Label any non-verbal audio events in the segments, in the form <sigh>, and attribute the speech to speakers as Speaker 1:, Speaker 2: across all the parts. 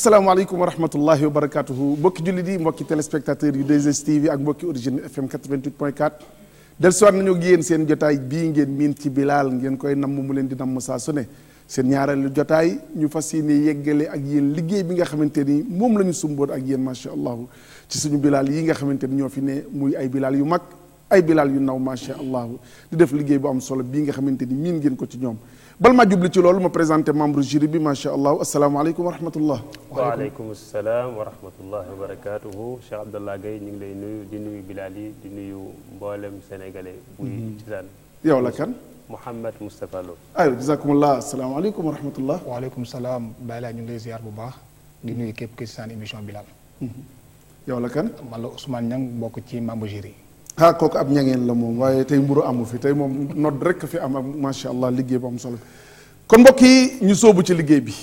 Speaker 1: asalaamaaleykum wa rahmatullahi wa barakatuhu mbokki jullit yi mbokki téléspectateurs yu 2STV ak mbokki origine fm 88 point 4 del siwaat nañu ak seen jotaay bii ngeen miin ci bilaal ngeen koy namm mu leen di namm saa su ne seen ñaareelu jotaay ñu fas yéene yeggale ak yéen liggéey bi nga xamante ni moom la ñu sumboon ak yéen macha allah ci suñu bilaal yi nga xamante ni ñoo fi ne muy ay bilaal yu mag ay bilaal yu naw macha allah di def liggéey bu am solo bii nga xamante ni miin ngeen ko ci ñoom bal maa jubli ci loolu ma présenté membre jury bi macha allah asalaamaaleykum wa rahmatullah.
Speaker 2: waaleykum salaam wa rahmatullah wa barakaatuhu Cheikh Abdallah Gaye ñu ngi lay nuyu di nuyu Bilal yi nuyu mboolem sénégalais. buy mm-hmm. cisaan. yow la kan. Mouhamed Moustapha Lo. aywa jazakumullah
Speaker 1: asalaamaaleykum wa rahmatullah. waaleykum salaam Baye laa ñu ngi lay ziar bu baax. di nuyu képp ki cisaan émission Bilal. Mm-hmm. yow la kan. man la Ousmane Niang bokk ci membre jury. ah kooku ab ñangeen la moom waaye tey mburu amu fi tey moom nodd rek fi am ak macha allah liggéey bu am solo kon mbokk yi ñu soobu ci liggéey bi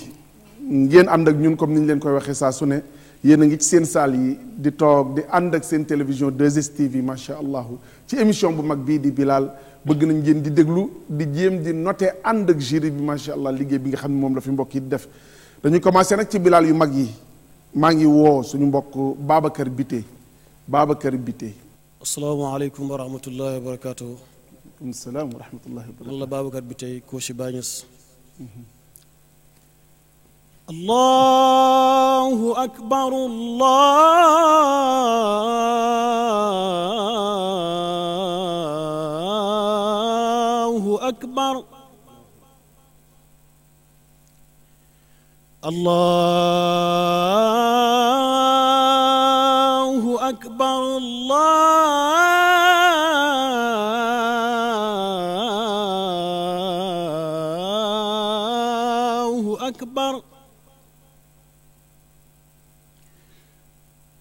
Speaker 1: ngeen ànd ak ñun comme ni ñu leen koy waxee saa su ne yéen a ngi ci seen saal yi di toog di ànd ak seen télévision 2STV macha allah ci émission bu mag bii di bilaal bëgg nañ ngeen di déglu di jéem di noter ànd ak jury bi macha allah liggéey bi nga xam ne moom la fi mbokk yi di def dañuy commencé nag ci Bilal yu mag yi maa ngi woo suñu mbokk Babacar Bité Babacar Bité.
Speaker 3: asalaamaaleykum wa rahmatullahi wa barakaatu. waaleykum salaam wa rahmatullahi wa barakaatu. man la Babacar bi tey Kossy Bañes.
Speaker 4: allahu akbar allahu akbar. allah.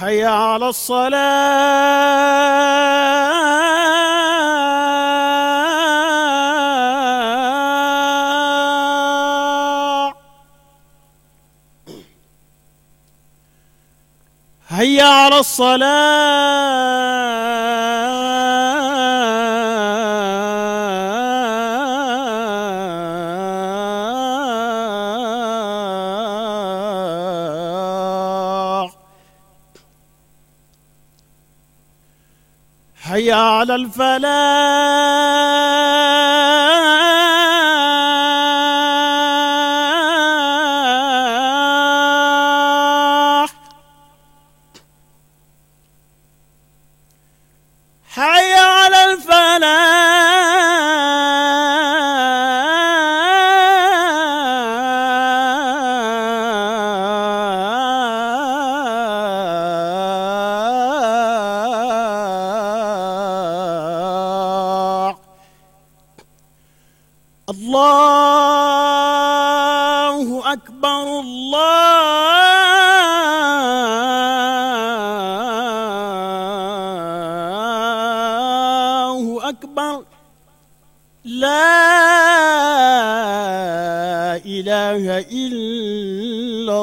Speaker 4: حي على الصلاة حي على الصلاه حي على الفلاح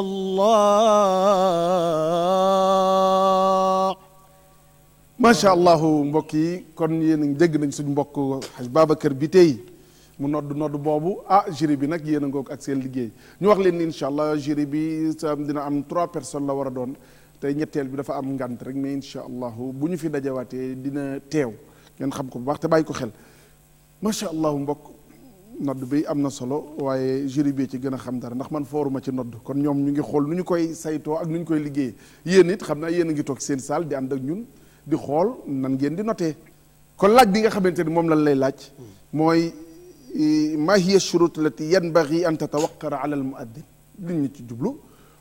Speaker 1: allah macha allah mbokk yi kon yéen dégg nañ suñ mbokk xaj Babacar bi tey mu nodd nodd boobu ah jury bi nag yéen a ngoog ak seen liggéey ñu wax leen ni incha allah jury bi dina am trois personnes la war a doon te ñetteel bi dafa am ngant rek mais incha allah bu ñu fi dajawaatee dina teew ngeen xam ko bu baax te bàyyi ko xel macha allah mbokk nodd bi am na solo waaye jury bi ci gën a xam dara ndax man fooruma ci nodd kon ñoom ñu ngi xool nu ñu koy saytoo ak nu ñu koy liggéeye yéen it xam naa yéen a ngi toog seen saal di ànd ak ñun di xool nan ngeen di notee kon laaj bi nga xamante ni moom lañ lay laaj mooy ma hiya shurut lati yanbaghi an tatawaqara ala al muaddin li ñu ci jublu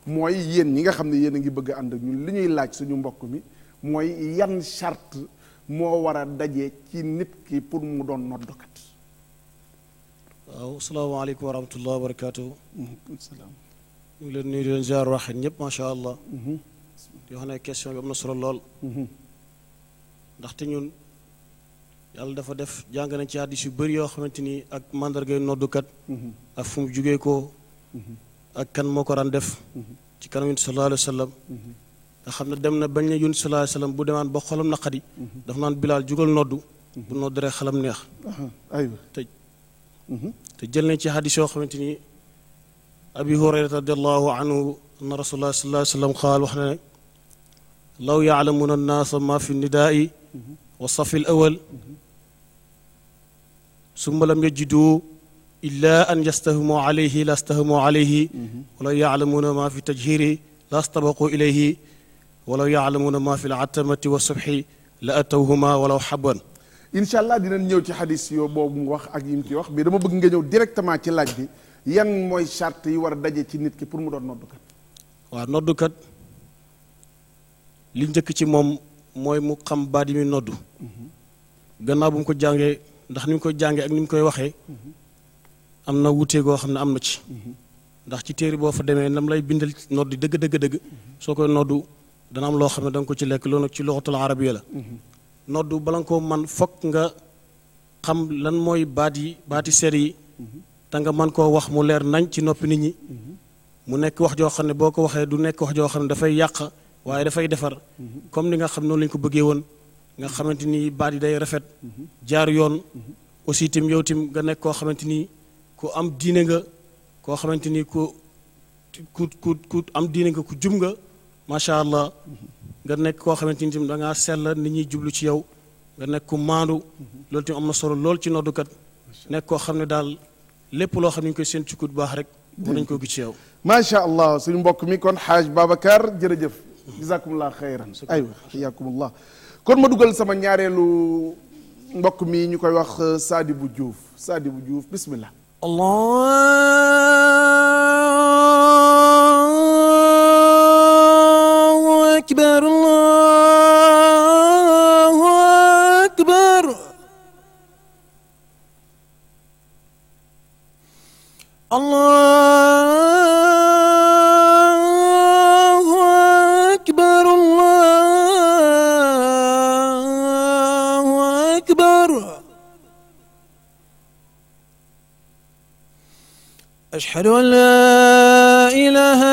Speaker 1: mooy yéen ñi nga xam ne yéen a ngi bëgg ànd ak ñun li ñuy laaj suñu mbokk mi mooy yan chart moo war a daje ci nit ki pour mu doon noddukat
Speaker 3: waaw asalaamaaleykum wa rahmatulah wa barakaatu. maaleykum salaam. ñu ngi leen nuyu di ñëpp macha allah. yoo xam mhm. ne question bi am na solo lool. Mhm. ndaxte ñun yàlla dafa def jàng ci hadiis yu bari yoo xamante ni ak mandargay noddukat. Mhm. ak fu mu jugee ko. ak kan moo ko daan def. ci kanam yonent sallallahu alayhi wa nga xam ne dem na bañ ne yonent sallallahu alayhi sallam bu demaan ba xolam naqadi. dafa naan bilaal jugal noddu. bu noddu rek xalam neex. Mm-hmm. te jël nañ ci xadis yoo xamante ni abi hurayrata radiallahu anhu anna rasulullah sallallahu alayhi wa sallam qaal wax na ne law yaalamuna annaasa ma fi nidaai wa safi l awal summa lam yajidu illa an yastahimu alayhi la stahimu alayhi walaw yaalamuna ma fi tajhiri la stabaqu ilayhi walaw yaalamuna ma fi l atamati wa subhi la atawhuma walaw xabban
Speaker 1: incha allah dinañ ñëw ci xadis yoo boobu mu wax ak yi mu ci wax mais dama bëgg nga ñëw directement ci laaj bi yan mooy charte yi war a daje ci nit ki pour mu doon noddukat
Speaker 3: waaw noddukat li njëkk ci moom mooy mu xam baat yi muy noddu gannaaw bu mu ko jàngee ndax ni mu koy jàngee ak ni mu koy waxee am na wuute goo xam ne am na ci ndax ci téere boo fa demee nam lay bindal nodd dëgg dëgg dëgg soo koy noddu dana am loo xam ne da ko ci lekk loolu nag ci loxatul la noddu bala nga koo man fokk nga xam lan mooy baat yi baati ser yi te nga man koo wax mu leer nañ ci noppi nit ñi mu nekk wax joo xam ne boo ko waxee du nekk wax joo xam ne dafay yàq waaye dafay defar comme ni nga xam noonu lañ ko bëggee woon nga xamante ni baat yi day rafet jaar yoon aussi tim yow tim nga nekk koo xamante ni ku am diine nga koo xamante ni ku ku ku ku am diine nga ku jub nga macha allah nga nekk koo xamante ni tamit da ngaa sell nit ñuy jublu ci yow nga nekk ku maandu lool tamit am na solo lool ci noddukat nekk koo xam ne daal lépp loo xam ne ñu koy seen ci ku baax rek mën nañ ko
Speaker 1: gis ci yow macha allah suñu mbokk mi kon xaaj Babacar jërëjëf jazakumullah xayran aywa xiyaakumullah kon ma dugal sama ñaareelu mbokk mi ñu koy wax Sadibou Diouf Sadibou Diouf bismillah allah
Speaker 4: أكبر الله أكبر الله أكبر الله أكبر أشهد أن لا إله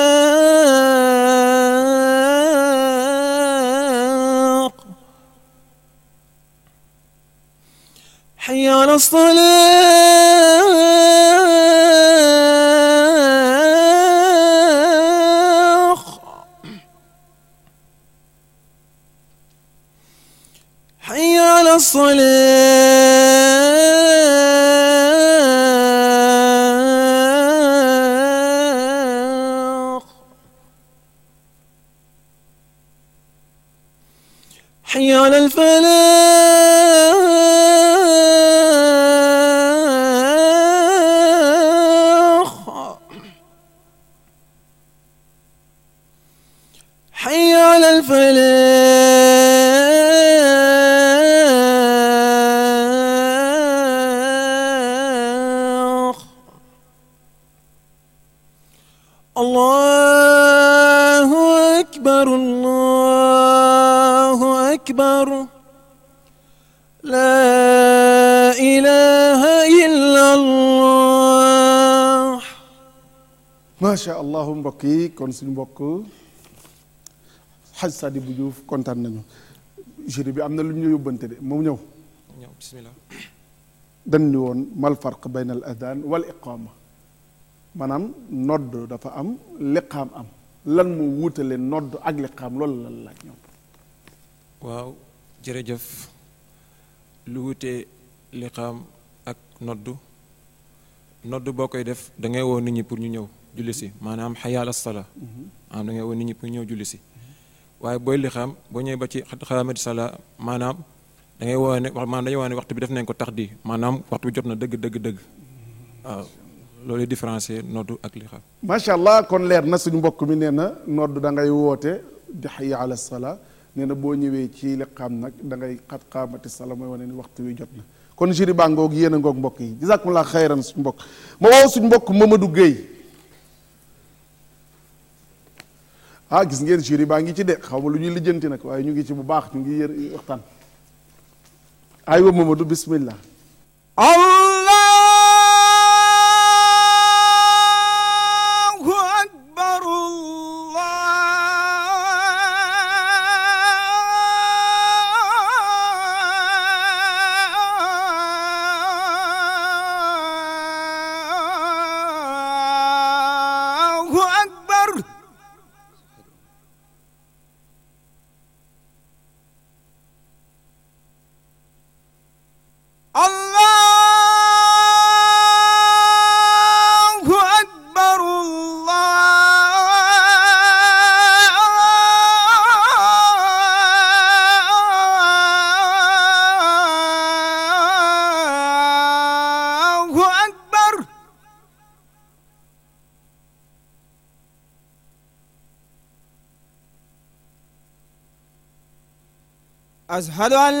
Speaker 4: الصلاة
Speaker 1: tabarakallahu mbokk yi kon suñu mbokk xaj Sadi bu Diouf kontaan nañu jury bi am na lu ñu yóbbante de moom ñëw ñëw bismillah woon mal farq bayna al adaan wal maanaam nodd dafa am liqaam am lan moo wuutale nodd ak liqaam loolu lan laaj ñoom
Speaker 3: waaw jërëjëf lu wuute liqaam ak nodd nodd boo koy def dangay ngay woo nit ñi pour ñu ñëw julli si maanaam xayaala sala mhm. maanaam da ngay woo nit ñi pour ñëw julli si waaye booy li xam boo ñëwee ba ci xaamati sala maanaam da ngay woo ne maanaam dañuy woo ne waxtu bi def nañ ko tax di maanaam waxtu bi jot na dëgg dëgg dëgg loolu différencier noddu ak li xam
Speaker 1: macha allah kon leer na suñu mbokk mi nee na noddu da ngay woote di xayya ala sala nee na boo ñëwee ci liqaam nag dangay ngay xat xaamati sala mooy wane ni waxtu wi jot na kon juri baa ngoog yéen a ngoog mbokk yi jazakumullah xayran suñu mbokk ma woo suñ mbokk Mamadou Guèye ah gis ngeen jury baa ngi ci de xaw ma lu ñuy lijjanti nag waaye ñu ngi ci bu baax ñu ngi yër waxtaan aywa Mamadou bismillah
Speaker 4: أشهد أن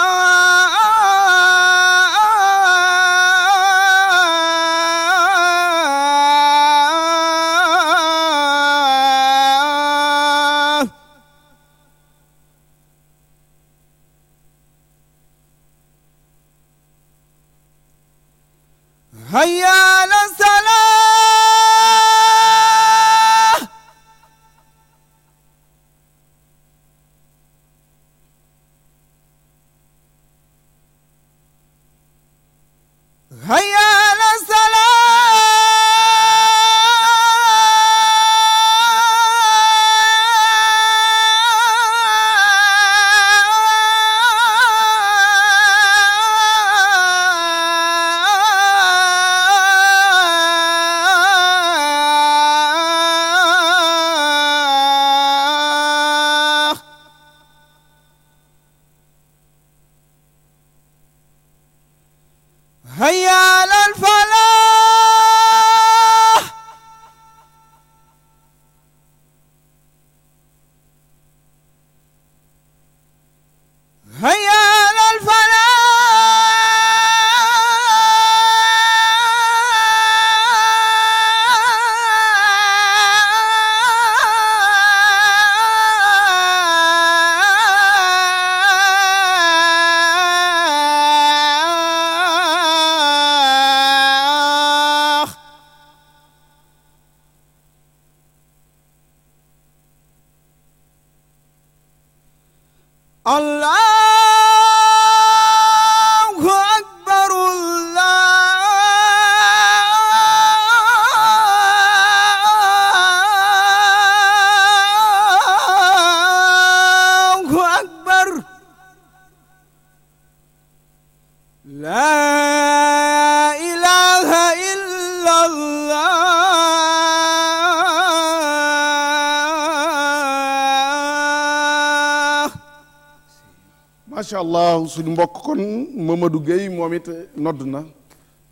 Speaker 1: suñ mbokk kon mëmadu gay moom it nodd na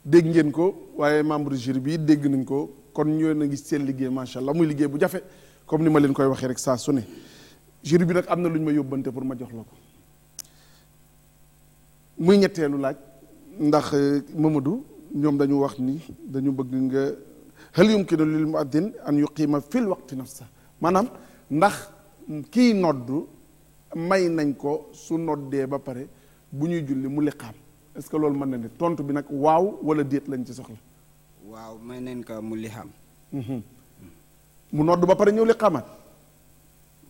Speaker 1: dégg ngeen ko waaye membre jury bi dégg nañ ko kon ñoo na ngi seen liggéey macha allah muy liggéey bu jafe comme ni ma leen koy waxee rek saa su ne jury bi nag am na lu ñu ma yóbbante pour ma jox la ko muy ñetteelu laaj ndax euh, Mamadou ñoom dañu wax ni dañu bëgg nga hal yumkinu lil muaddin an yuqima fil waqti sa maanaam ndax kii nodd may nañ ko su noddee ba pare bu ñuy julli mu liqaam est-ce que loolu mën na ne tontu bi nag waaw wala déet lañ ci soxla.
Speaker 3: waaw may nañ ko mu liqaam.
Speaker 1: Mhm. mu nodd ba pare ñëw liqaamaat.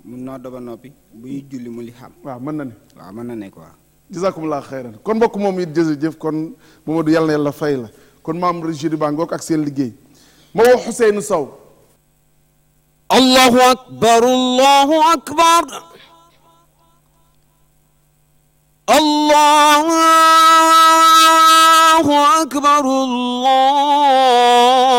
Speaker 3: mu nodd ba noppi bu ñuy julli mu liqaam. waaw mën na ne. waaw mën na ne
Speaker 1: quoi. jazakumullah xayran kon mbokk moom it jërëjëf kon Momadou yàlla na yàlla la kon maam Régis Ba ak seen liggéey ma woo Ousseynou Sow. allahu akbar allahu akbar.
Speaker 4: الله أكبر الله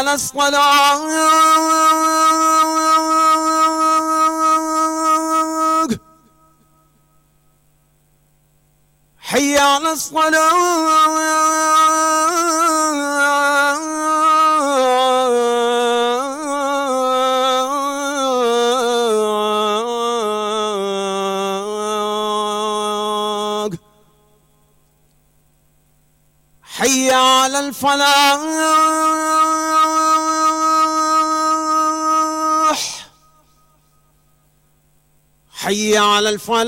Speaker 4: على الصلاة حي على الصلاة الفلاح على الفلاح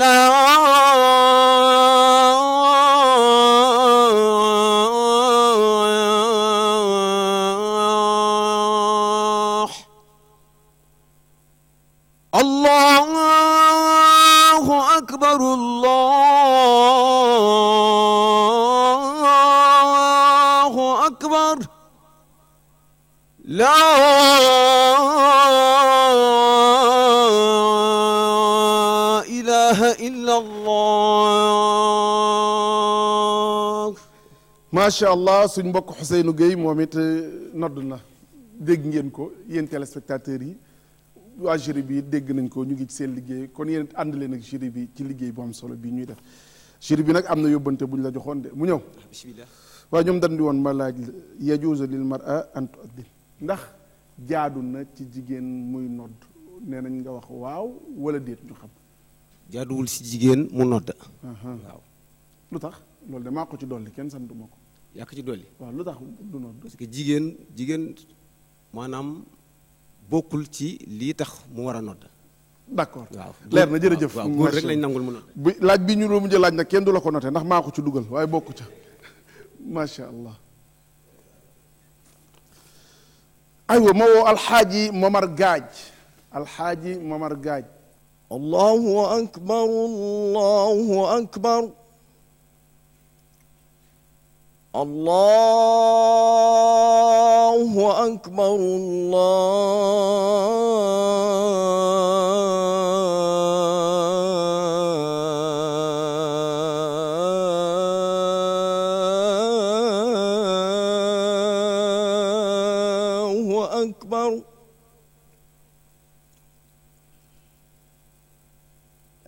Speaker 1: macha allah suñ mbokk Ousseynou Gueye moom it euh, nodd na dégg ngeen ko yéen téléspectateurs yi waa jury bi dégg nañ ko ñu ngi ci seen liggéey kon yéen ànd leen ak jury bi ci liggéey boom solo bi ñuy def jury bi nag am na yóbbante bu ñu la joxoon de mu ñëw bismillah waaye ñoom dañ di woon ma laaj yajuuzu lil mar'a an tu'addin ndax jaadu na ci jigéen muy nodd nee nañ nga wax waaw wala déet ñu xam
Speaker 3: jaaduwul si jigéen mu nodd
Speaker 1: waaw lu tax loolu de maa ko ci dolli kenn santuma ko yàq ci dolli. waaw lu tax du noonu. parce que jigéen jigéen
Speaker 3: maanaam bokkul ci lii tax mu war a nodd. d'accord waaw leer na jërëjëf. waaw góor rek lañ nangul mu nodd. bi
Speaker 1: laaj bi ñu doon mujj laaj nag kenn du la ko notee ndax maa ko ci dugal waaye bokku ca macha allah. aywa ma woo Gaaj alxaaji Momar Gaaj. allahu akbar allahu akbar.
Speaker 4: الله أكبر الله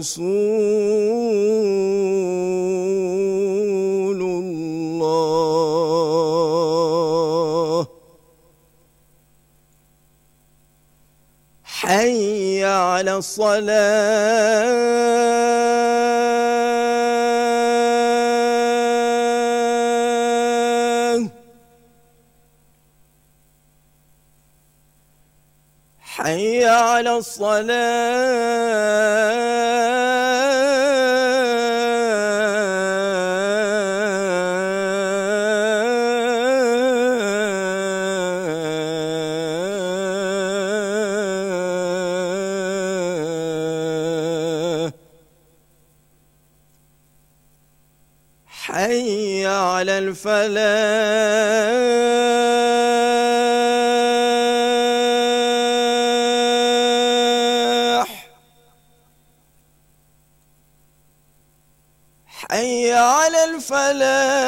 Speaker 4: رسول الله حي على الصلاه على الصلاة حي على الفلاح حي على الفلاح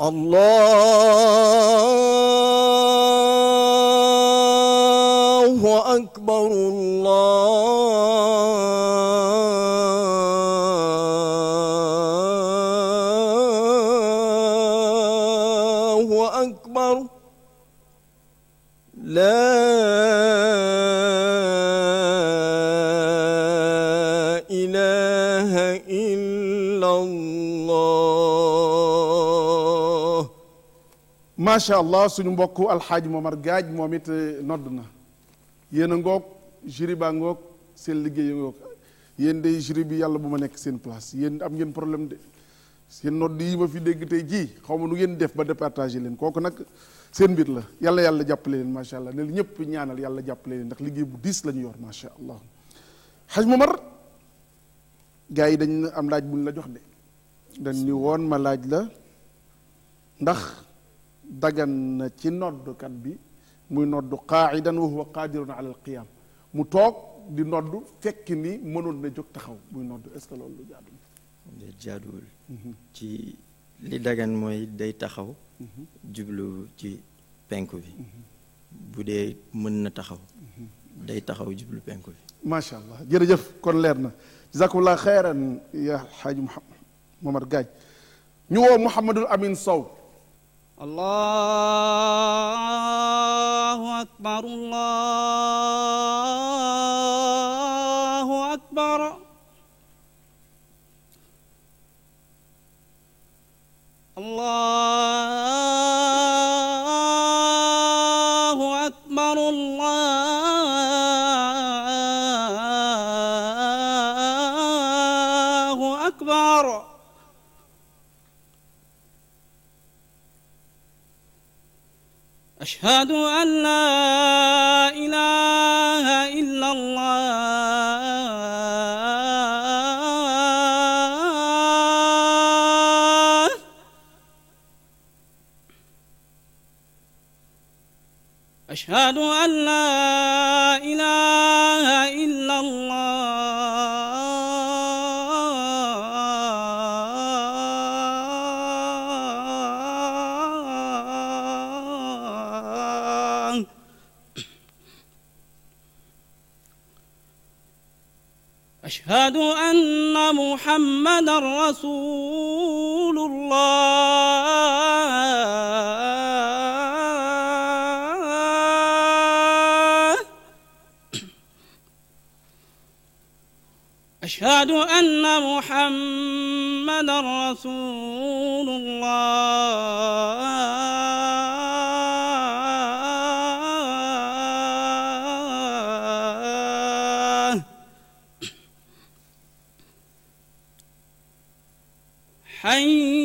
Speaker 4: الله
Speaker 1: macha allah suñu mbokku alxaaji Momar Gaaj moom it eh, nodd na yéen a ngoog jury baa ngoog seen liggéey ngoog yéen bi yàlla bu ma nekk seen place yéen am ngeen problème de seen nodd yi ma fi dégg tey jii xaw ma nu ngeen def ba départagé leen kooku nag seen la yàlla yàlla jàppale leen macha allah ne ñëpp ñaanal yàlla jàppale ndax liggéey bu diis la ñu yor allah xaj Momar gars yi dañ am laaj buñ la jox de dañ ni woon ma laaj la ndax dagan na ci noddukat bi muy noddu qaaidan wa huwa qaadirun ala alqiyaam mu toog di noddu fekk ni mënul na jóg taxaw muy noddu est-ce que loolu
Speaker 3: jaaduwul mhm. ci li dagan mooy day taxaw mhm. jublu ci penku bi mhm. bu dee mën na taxaw day taxaw jublu penku bi
Speaker 1: macha allah jërëjëf kon leer na jazakumullah xayran ya xaaji Momar Gaaj ñu woo Mouhamadul Amin Sow الله
Speaker 4: أكبر الله أشهد أن لا رسول الله أشهد أن محمدا رسول حي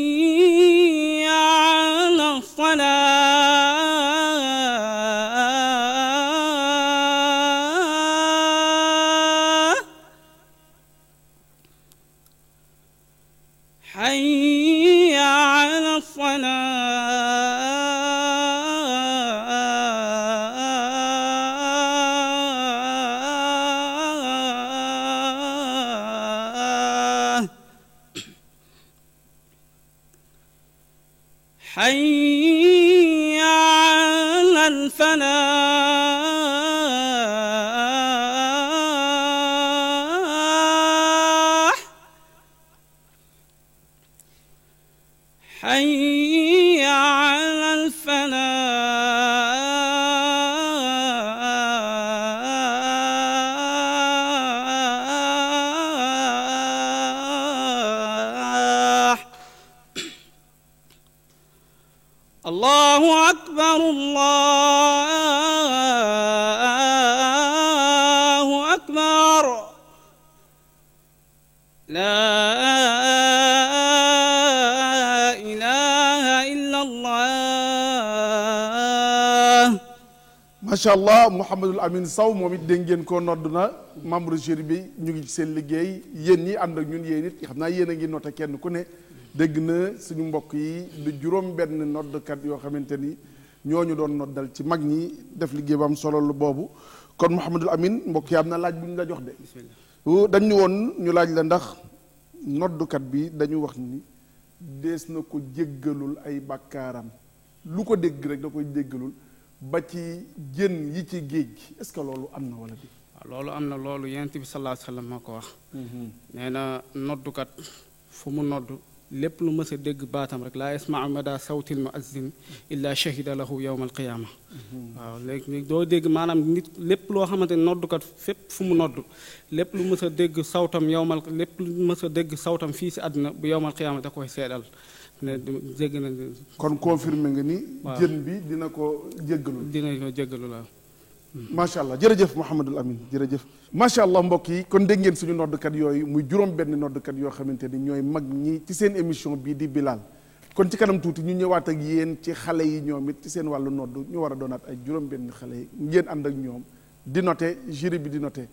Speaker 1: incha allah Mouhamadul Amin saw moom it dégg ngeen ko nodd na membre jury bi ñu ngi ci seen liggéey yéen ñi ànd ak ñun yéen it xam naa yéen a ngi noté kenn ku ne dégg na suñu mbokk yi du juróom benn noddkat yoo xamante ni ñoo ñu doon noddal ci mag ñi def liggéey ba am solo lu boobu kon Mouhamadul Amin mbokk yi am na laaj bu ñu la jox de uh, dañ ñu woon ñu laaj la ndax noddukat bi dañu wax ni dees na ko jéggalul ay bàkkaaram lu ko dégg rek da koy jéggalul ba ci jën yi ci géej gi est-ce que loolu am na wala bi
Speaker 3: loolu am na loolu yonent bi sallallahu alayhi wasallam moo ko wax mm-hmm. nee na noddukat fu mu nodd lépp lu mës dégg baatam rek laa yasmau mada sawtil muazzin illa shahida lahu yowma alqiyaama mm-hmm. waaw léegi doo dégg maanaam nit lépp loo xamante ne noddukat fépp fu mu nodd lépp lu mës a dégg sawtam yowmal lépp lu mës a dégg sawtam fii si àdduna bu yowmal qiyaama da koy seedal ne jégg
Speaker 1: kon confirmé nga ni. jën bi dina ko jéggalu. dina ko jéggalu la hmm. macha allah jërëjëf Mouhamadul Amin jërëjëf. macha allah mbokk yi kon dégg ngeen suñu noddkat yooyu muy juróom-benn noddkat yoo xamante ni ñooy mag ñi ci seen émission bii di Bilal kon ci kanam tuuti ñu ñëwaat ak yéen ci xale yi ñoom it ci seen wàllu nodd ñu war a doonaat ay juróom-benn xale yi ngeen ànd ak ñoom di note jury bi di note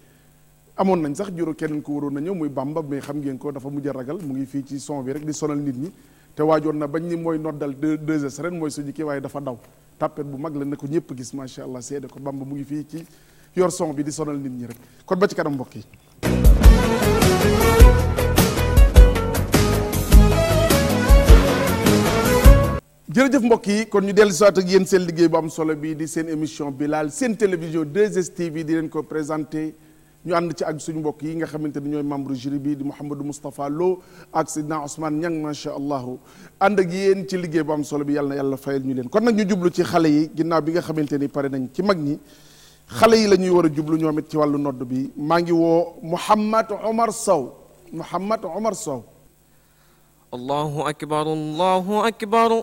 Speaker 1: amoon nañ sax juróom kenn ko waroon na ñëw muy Bamba mais xam ngeen ko dafa mujj a ragal mu ngi fii ci son bi rek di sonal nit ñi. te waajoon na bañ ni mooy noddal deux deux S ren mooy suñu kii waaye dafa daw tàppet bu mag la ne ko ñëpp gis macha allah seede ko Bamba mu ngi fii ci yor son bi di sonal nit ñi rek kon ba ci kanam mbokk yi. jërëjëf mbokk yi kon ñu dellu siwaat ak yéen seen liggéey bu am solo bi di seen émission bi laal seen télévision 2STV di leen ko présenté. ñu ànd ci ak suñu mbokk yi nga xamante ni ñooy membre bi di Mouhamadou Moustapha Lo ak Sidna Ousmane Niang macha allah ànd ak yéen ci liggéey boo am solo bi yàlla na yàlla fayal ñu leen kon nag ñu jublu ci xale yi ginnaaw bi nga xamante ni pare nañ ci mag ñi xale yi la ñuy war a jublu ñoom it ci wàllu nodd bi maa ngi woo Mouhamad Omar Sow Mouhamad Omar Sow.
Speaker 4: allahu akbar allahu akbar.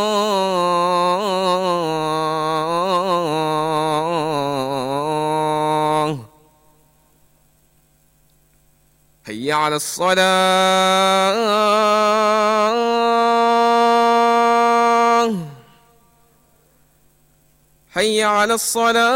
Speaker 4: حي على الصلاة حي على الصلاة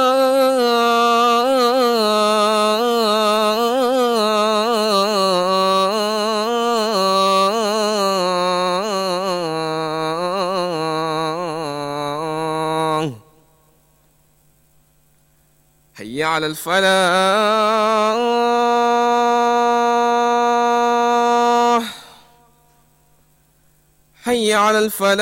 Speaker 4: حي على الفلاح حي على الفلاح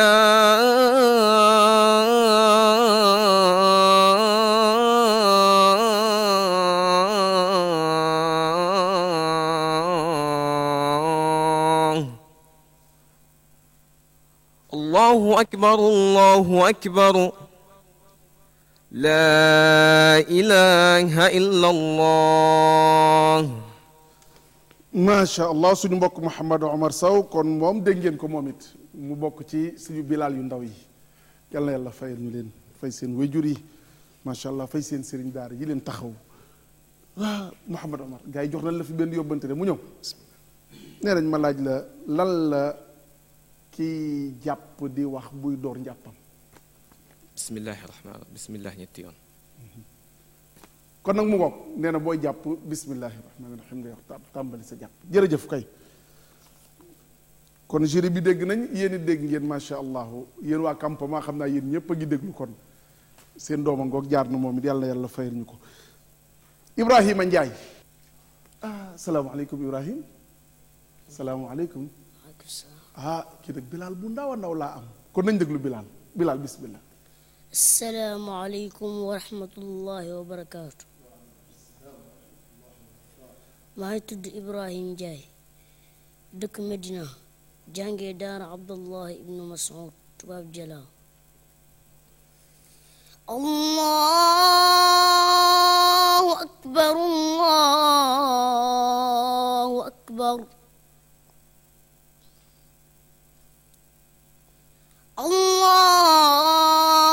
Speaker 4: الله أكبر الله أكبر لا إله إلا الله
Speaker 1: macha allah suñu mbokk Mouhamadou Omar Sow kon moom dégg ngeen ko moom it mu bokk ci suñu bilaal yu ndaw yi yal na yàlla fayal ñu leen fay seen wayjur yi macha allah fay seen sëriñ baar yi leen taxaw waa Mouhamad Omar yi jox nañ la fi benn yóbbante de mu ñëw nee nañ ma laaj la lal la kiy jàpp di wax buy door njàppam
Speaker 4: bismillahi rahmaan bismillah ñetti yoon
Speaker 1: kon nag mu ngoog nee na booy jàpp bismillahi rahmaani rahim ngay wax tàmbali sa jàpp jërëjëf kay kon jury bi dégg nañ yéen dégg ngeen macha allah yéen waa campement xam naa yéen ñëpp ngi déglu kon seen dooma ngoog jaar na moom it yàlla yàlla fayal ñu ko Ibrahima Ndiaye ah salaamaaleykum Ibrahima salaamaaleykum. Ah, bu ndaw ndaw laa am kon nañ déglu Bilal Bilal bismillah.
Speaker 4: salaamaaleykum wa rahmatullahi wa barakaatu. maa ngi tudd
Speaker 3: Ibrahima Ndiaye dëkk Medina. jàngee daara abdullah ibnu
Speaker 4: mas'ud tubaab jalaaw allahu akbar allahu akbar allah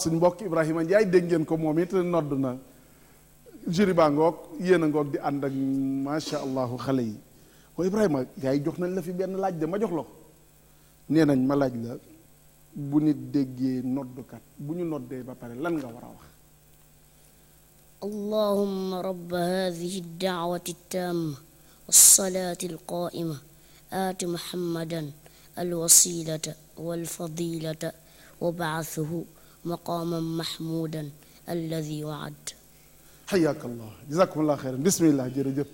Speaker 1: suñ mbokk Ibrahima Ndiaye dégg ngeen ko moom it nodd na juri baa ngoog yéen a di ànd ak macha allahu xale yi waaye Ibrahima gars yi jox nañ la fi benn laaj de ma jox la ko nee nañ ma laaj la bu nit déggee noddukat bu ñu noddee ba pare lan nga war a wax
Speaker 4: allahumma rabba hadihi dacwati taama wassalaati
Speaker 3: alqaa'ima aati muhammadan alwasilata walfadilata wabcathuhu maqaaman mahmuudan alladi waad
Speaker 1: xayaaka allah jazakumullah xeyran bismillah jërëjëf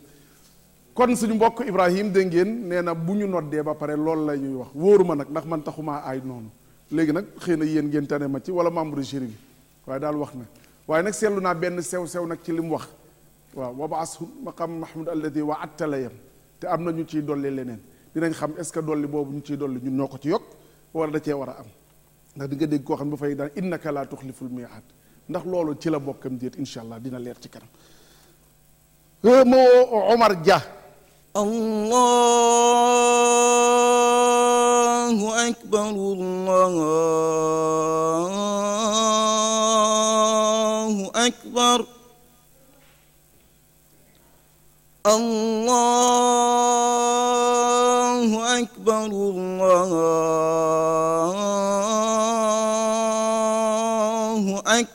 Speaker 1: kon suñu mbokk ibrahim dégg ngeen nee na bu ñu noddee ba pare loolu la ñuy wax wóoruma nag ndax man taxumaa ay noonu léegi nag xëy na yéen ngeen tane ma ci wala membre jury bi waaye daal wax na waaye nag seetlu naa benn sew-sew nag ci li mu wax waaw wabaas maqam mahmud alladi wa attala yam te am na ñu ciy dolli leneen dinañ xam est ce que dolli boobu ñu ciy dolli ñun ñoo ko ci yokk wala da cee war a am ndax di nga dégg koo xam ne bu fay daan innaka laa tuxliful miihaad ndax loolu ci la bokkam déet incha allah dina leer ci kanam euh, moo Omar Dia allahu akbar
Speaker 4: allahu akbar allahu akbar allah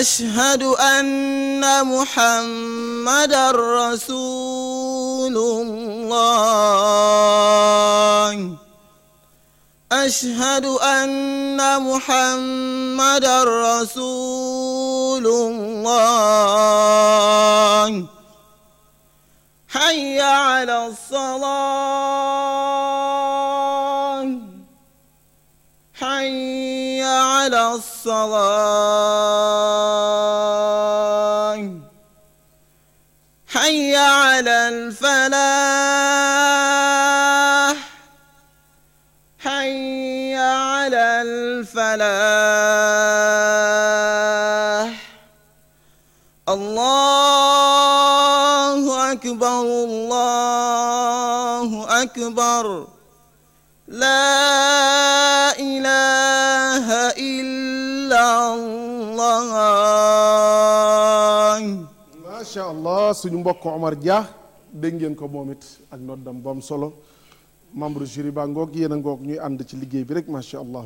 Speaker 4: أشهد أن محمدا رسول الله أشهد أن محمدا رسول الله حي على الصلاة حي على الصلاة الفلاح حي على الفلاح الله أكبر الله أكبر لا إله
Speaker 1: إلا الله. macha allah suñu mbokk Omar Dia. dégg ngeen ko moom it ak noddam bu am solo membre jury ba ngoog yéen a ngoog ñuy ànd ci liggéey bi rek macha allah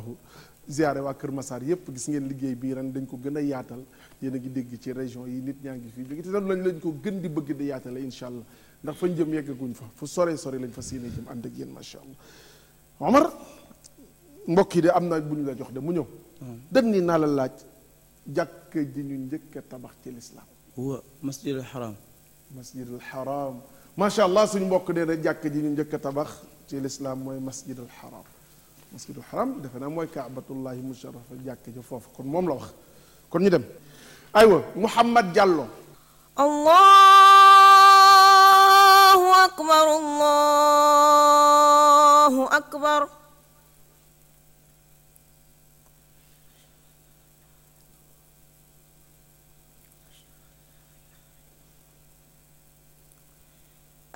Speaker 1: ziare waa Kër masaar yépp gis ngeen liggéey bii ren dañ ko gën a yaatal yéen a ngi dégg ci région yi nit ñaa ngi fii jóge te lañ lañ ko gën di bëgg di yaatale allah ndax fañ jëm yeggaguñ fa fu soree sore lañ fa séenee jëm ànd ak yéen macha allah Omar mbokk yi de am na bu ñu la jox de mu ñëw. dem ni naa la laaj jàkk ji ñu njëkk tabax ci lislaam. huwa masjidul haram. masjidul haram. macha allah suñu mbokk nee na jàkk ji ñu tabax ci lislaam mooy masjidul haram masjidul haram defe naa kaabatullahi musharafa jàkk ji foofu kon moom la wax kon ñu dem aywa Mouhamad Diallo
Speaker 4: allahu akbar allahu akbar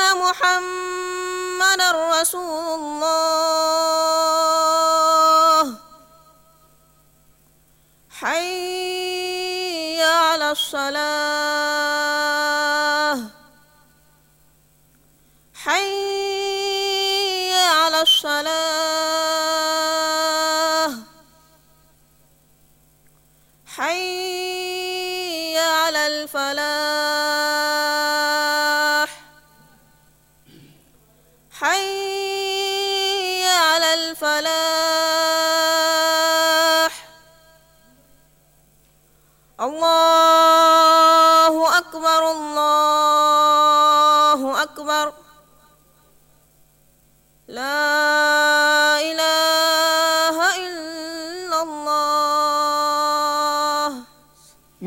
Speaker 4: محمدا رسول الله حي على الصلاه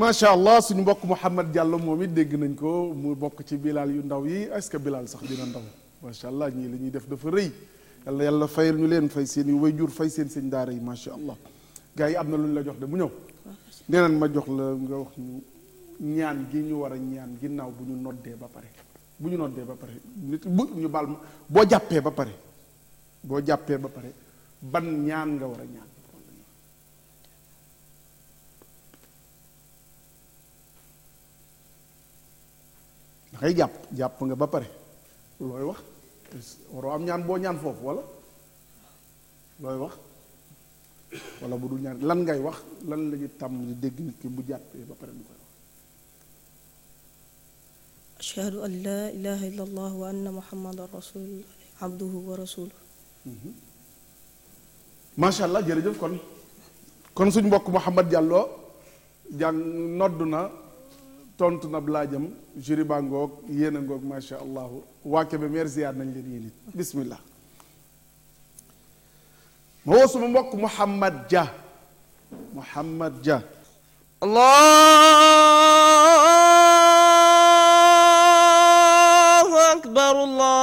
Speaker 1: macha allah suñ mbokk Mouhamed Diallo moom it dégg nañ ko mu bokk ci bilaal yu ndaw yi est-ce que bilaal sax dina ndaw macha allah ñii li ñuy def dafa rëy yàlla yàlla fayal ñu leen fay seen i wayjur fay seen seen daara yi macha allah gars yi am na lu ñu la jox de mu ñëw nee ma jox la nga wax ñu ñaan gi ñu war a ñaan ginnaaw bu ñu noddee ba pare bu ñu noddee ba pare nit bu ñu baal ma boo jàppee ba pare boo jàppee ba pare ban ñaan nga war a ñaan da ngay jàpp jàpp nga ba pare looy wax waroo am ñaan boo ñaan foofu wala looy wax wala bu dul ñaan lan ngay wax lan la ñu tàmm dégg nit ki bu jàppee ba pare mu koy wax
Speaker 4: ashhadu an laa ilaha illa allah muhammadan rasul abduhu wa rasuluh
Speaker 1: mm-hmm. macha kon kon suñ mbokk Mouhamed Diallo jàng nodd na tontu na laajam juri baa ngoog yéen a ngoog allah waa Kébé meer ziyaar nañ leen bismillah ma woo suma mbokk Mouhamad Dia Mouhamad akbar allah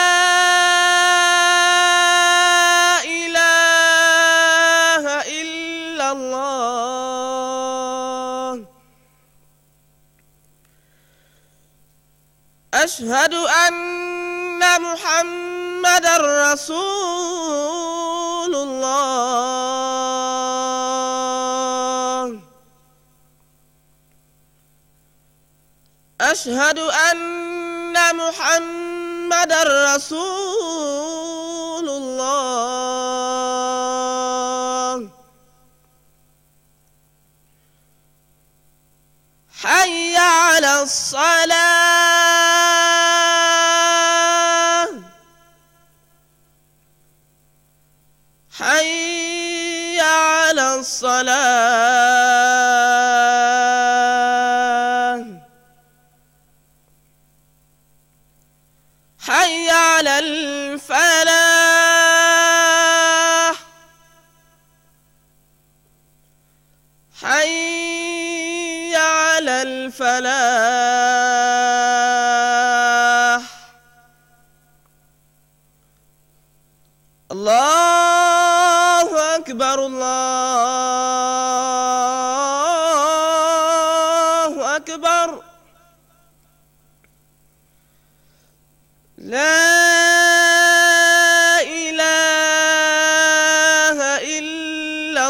Speaker 4: واشهد ان محمدا رسول الله اشهد ان محمدا رسول الله حي على الصلاه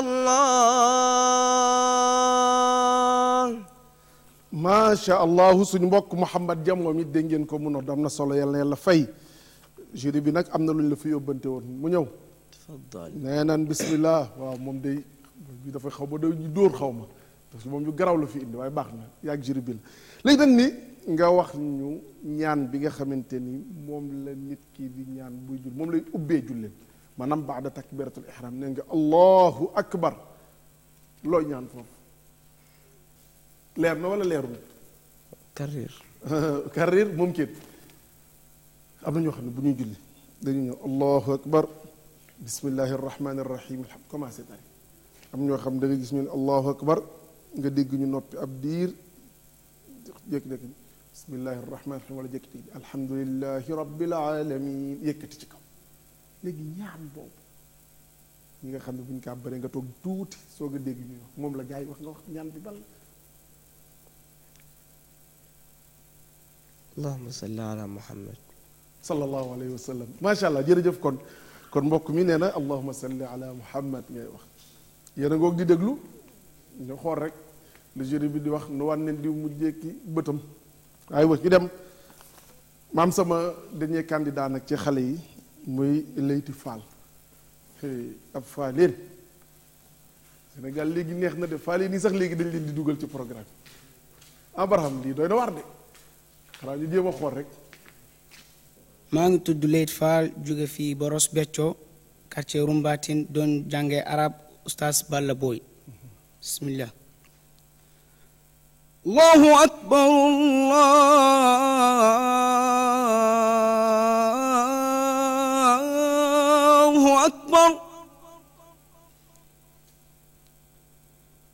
Speaker 1: allah macha allahu suñu mbokk Mouhamad Dia moom it dégg ngeen ko mun a doon na solo yàlla na yàlla fay jury bi nag am na lu ñu la fi yóbbante woon mu ñëw. nee naan bismillah waaw moom day bi dafa xaw ma day ñu xaw ma parce que moom ñu garaw la fi indi waaye baax na yàgg jury bi la léegi nag ni nga wax ñu ñaan bi nga xamante ni moom la nit kii di ñaan buy jul moom la ubbee julleen maanaam baada takbiratul ihram nee nga allahu akbar looy ñaan foofu leer na wala leer karir <laughs> karir moom kéet am na ñoo xam ne bu ñuy julli dañu ñëw allahu akbar bismillahi arrahmani arrahim alhamd commencé tari am ñoo xam da nga gis ñu ne allahu akbar nga dégg ñu noppi ab diir jékki-jékki bismillahi arrahmani arrahim wala jékkati alhamdulilahi rabbil alamin yëkkati ci kaw léegi ñaan boobu ñi nga xam ne buñ ñu kaa bari nga toog tuuti soog a dégg ñu wax moom la gaa yi wax nga wax ñaan bi bal allahumma salli ala muhammad sallallahu alayhi wa sallam macha allah jërëjëf kon kon mbokk mi nee na allahumma salli ala muhammad ngay wax yéen a ngoog di déglu ñu xool rek le jury bi di wax nu wànneen di mujjee ki bëtam waaye wax ñu dem maam sama dernier candidat nag ci xale yi muy Leyti Fall ab faaleen Sénégal léegi neex na de faaleen yi sax léegi dañ leen di dugal ci programme Abraham lii doy na waar de xanaa jéem a xool rek maa ngi tudd Leyti Fall jóge fii
Speaker 3: Boros Becco quartier Rumbatin doon jànge arab oustaz Balla Boy
Speaker 4: bismillah allahu akbar allah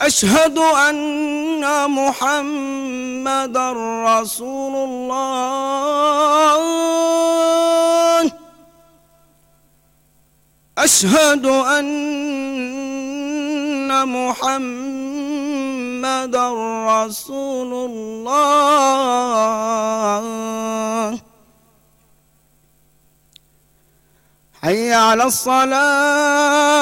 Speaker 4: أشهد أن محمد رسول الله أشهد أن محمد رسول الله حي على الصلاة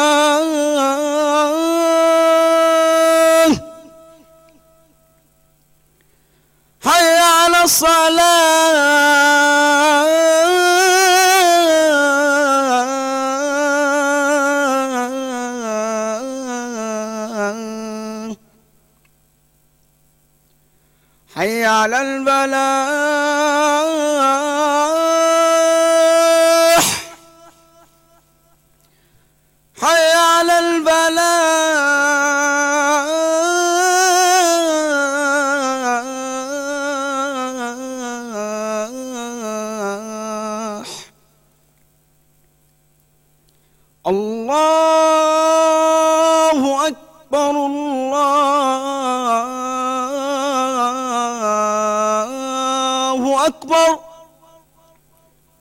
Speaker 4: حي على الصلاة حي على البلاء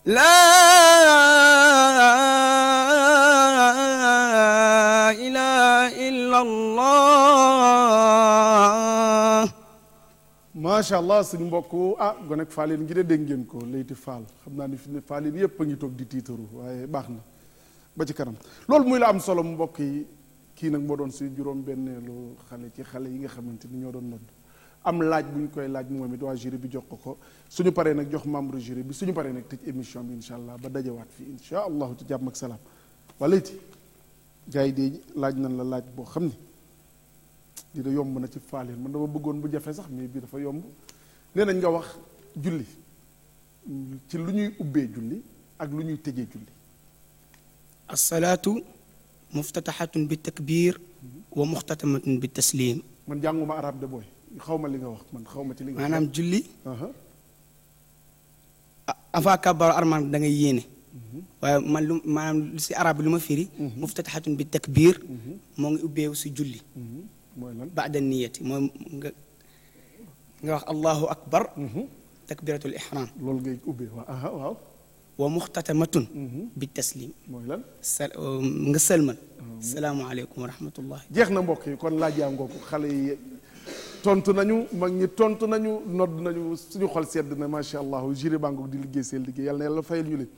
Speaker 4: laa ilaaha
Speaker 1: illallah. macha allah suñu mbokku ah gonek Fallène ngi de dégg ngeen ko Leyti Fall xam naa ni fi ne Fallène yëpp a ngi toog di tiitaru waaye baax na ba ci kanam loolu muy la am solo mbokk yi kii nag moo doon si juróom-benneelu xale ci xale yi nga xamante ni ñoo doon nodd am laaj bu ñu koy laaj moom it waa jury bi jox ko ko suñu paree nag jox membre jury bi suñu paree nag tëj émission bi incha allah ba dajawaat fii incha allahu ci jàmm ak salaam walayti gars yi de laaj nan la laaj boo xam ne ni dina yomb na ci faaleen man dama bëggoon bu jafe sax mais bi dafa yomb nee nañ nga wax julli ci lu ñuy ubbee julli ak lu ñuy tëjee julli alsalaatu muftataxatun bi takbir wa
Speaker 3: muxtatamatun bi taslim
Speaker 1: man jànguma arab de booy xaw ma li nga wax man xaw ma ci li nga maanaam
Speaker 3: arman da ngay yéene. Mhm. lu si arab lu ma firi. Mhm. muftatahatun bi takbir. Mhm. moo ngi ubbeewu si julli. mooy lan wax allahu akbar. takbiratul ihram. loolu ngay ubbee wa muxtatamatun bi taslim mooy lan sa um, nga sëlmal. salaamualeykum
Speaker 1: jeex na mbokk yi kon laaj yaa tontu nañu mag ñi tontu nañu nodd nañu suñu xol sedd na macha allah juré bangoog di liggéey seen liggéey yàlla na yàlla fayal ñu leen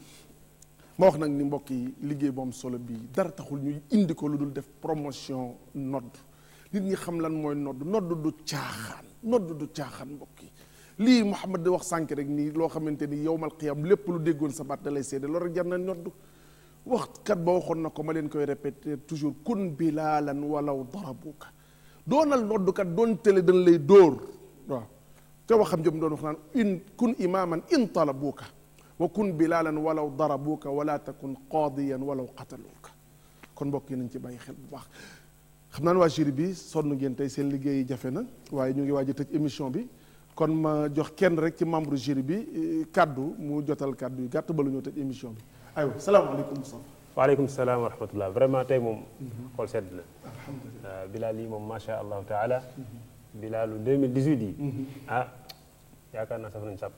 Speaker 1: ma nag ni mbokk yi liggéey bu solo bii dara taxul ñu indi ko lu dul def promotion nodd nit ñi xam lan mooy nodd nodd du caaxaan nodd du caaxaan mbokk yi lii Mouhamed di wax sànk rek nii loo xamante ni yowmal qiyam lépp lu déggoon sa baat da lay seede loolu rek jar na nodd kat ba waxoon na ko ma leen koy répéter toujours kun bilaalan walaw darabuka doonal noddukat doon télé dañ lay dóor waaw te waxam jëm doon wax naan in kun imaaman in talabuuka wa kun bilaalan walaw darabuuka wala takun qaadiyan walaw qataluuka kon mbokk yi nañ ci bàyyi xel bu baax xam naa ne waa jury bi sonn ngeen tey seen liggéey jafe na waaye ñu ngi waaj tëj émission bi kon ma jox kenn rek ci membre jury bi eh, kàddu mu jotal kàddu yi gàtt ba lu ñoo tëj émission bi aywa
Speaker 2: salaamaaleykum waaleykum salaam wa tey moom xool sedd na ah, bilaal yi moom macha allahu taala bilaalu 2018 yi mhm. ah yaakaar naa saf nañ sàpp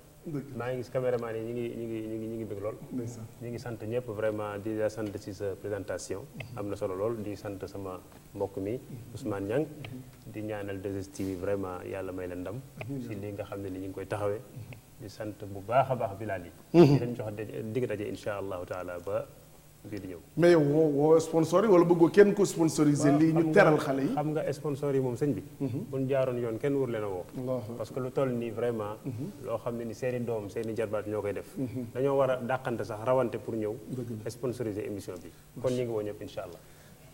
Speaker 2: maa ngi gis caméraman yi ñu ngi ñu ngi ñu ngi ñu ngi bëgg lool ñi ngi sant ñëpp vraiment di la sant si sa présentation mhm. am na solo lool di sant sama mbokk mi mhm. Ousmane Niang di ñaanal 2STV vraiment yàlla may la ndam si li nga xam ne ni ñu ngi koy taxawee di sant bu baax a baax bilaal yi di leen jox dig daje insha allahu taala ba lii di ñëw mais yow woo sponsor yi wala bëggoo kenn ko sponsorisé lii ñu teral xale yi xam nga sponsor yi moom sëñ bi mhm. buñ jaaroon yoon kenn wur leen a woo parce que lu toll nii vraiment mhm. loo xam ne ni seeni doom seeni jarbaat ñoo koy def mhm. dañoo war a dàqante sax rawante pour ñëw sponsoriser émission bi kon ñu ngi woo ñëpp incha allah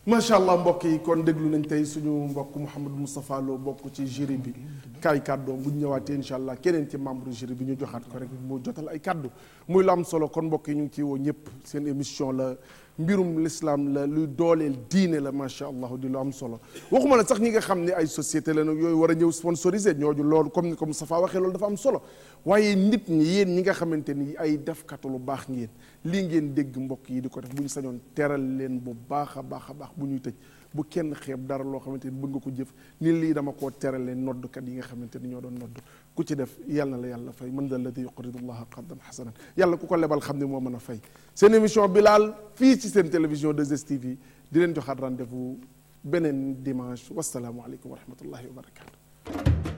Speaker 1: macha allah mbokk yi kon déglu nañ tey suñu mbokk Mouhamadou Moustapha Lo bokk ci jury bi kay kàddoom bu ñu ñëwaatee incha allah keneen ci membre jury bi ñu joxaat ko rek mu jotal ay kàddu muy la am solo kon mbokk yi ñu ngi ciy woo ñëpp seen émission la. mbirum l'islam la luy dooleel diine la macha allah di lu am solo waxuma ne sax ñi nga xam ne ay société la nag yooyu war a ñëw sponsorisé ñooñu loolu comme ni ko Moustapha waxee loolu dafa am solo waaye nit ñi yéen ñi nga xamante ni ay defkatu lu baax ngeen lii ngeen dégg mbokk yi di ko def bu ñu sañoon teral leen bu baax a baax a baax bu ñuy tëj bu kenn xeeb dara loo xamante ni bëgg nga ko jëf ni lii dama koo terale noddukat yi nga xamante ni ñoo doon noddu ku ci def yàlla na la yàlla fay man da alladi yuqridu llaha qardan xasanan yàlla ku ko lebal xam ne moo mën a fay seen émission Bilal fii ci seen télévision 2STV yi di leen joxaat rendez-vous beneen dimanche wasalaamualeykum wa rahmatullahi wa barakatu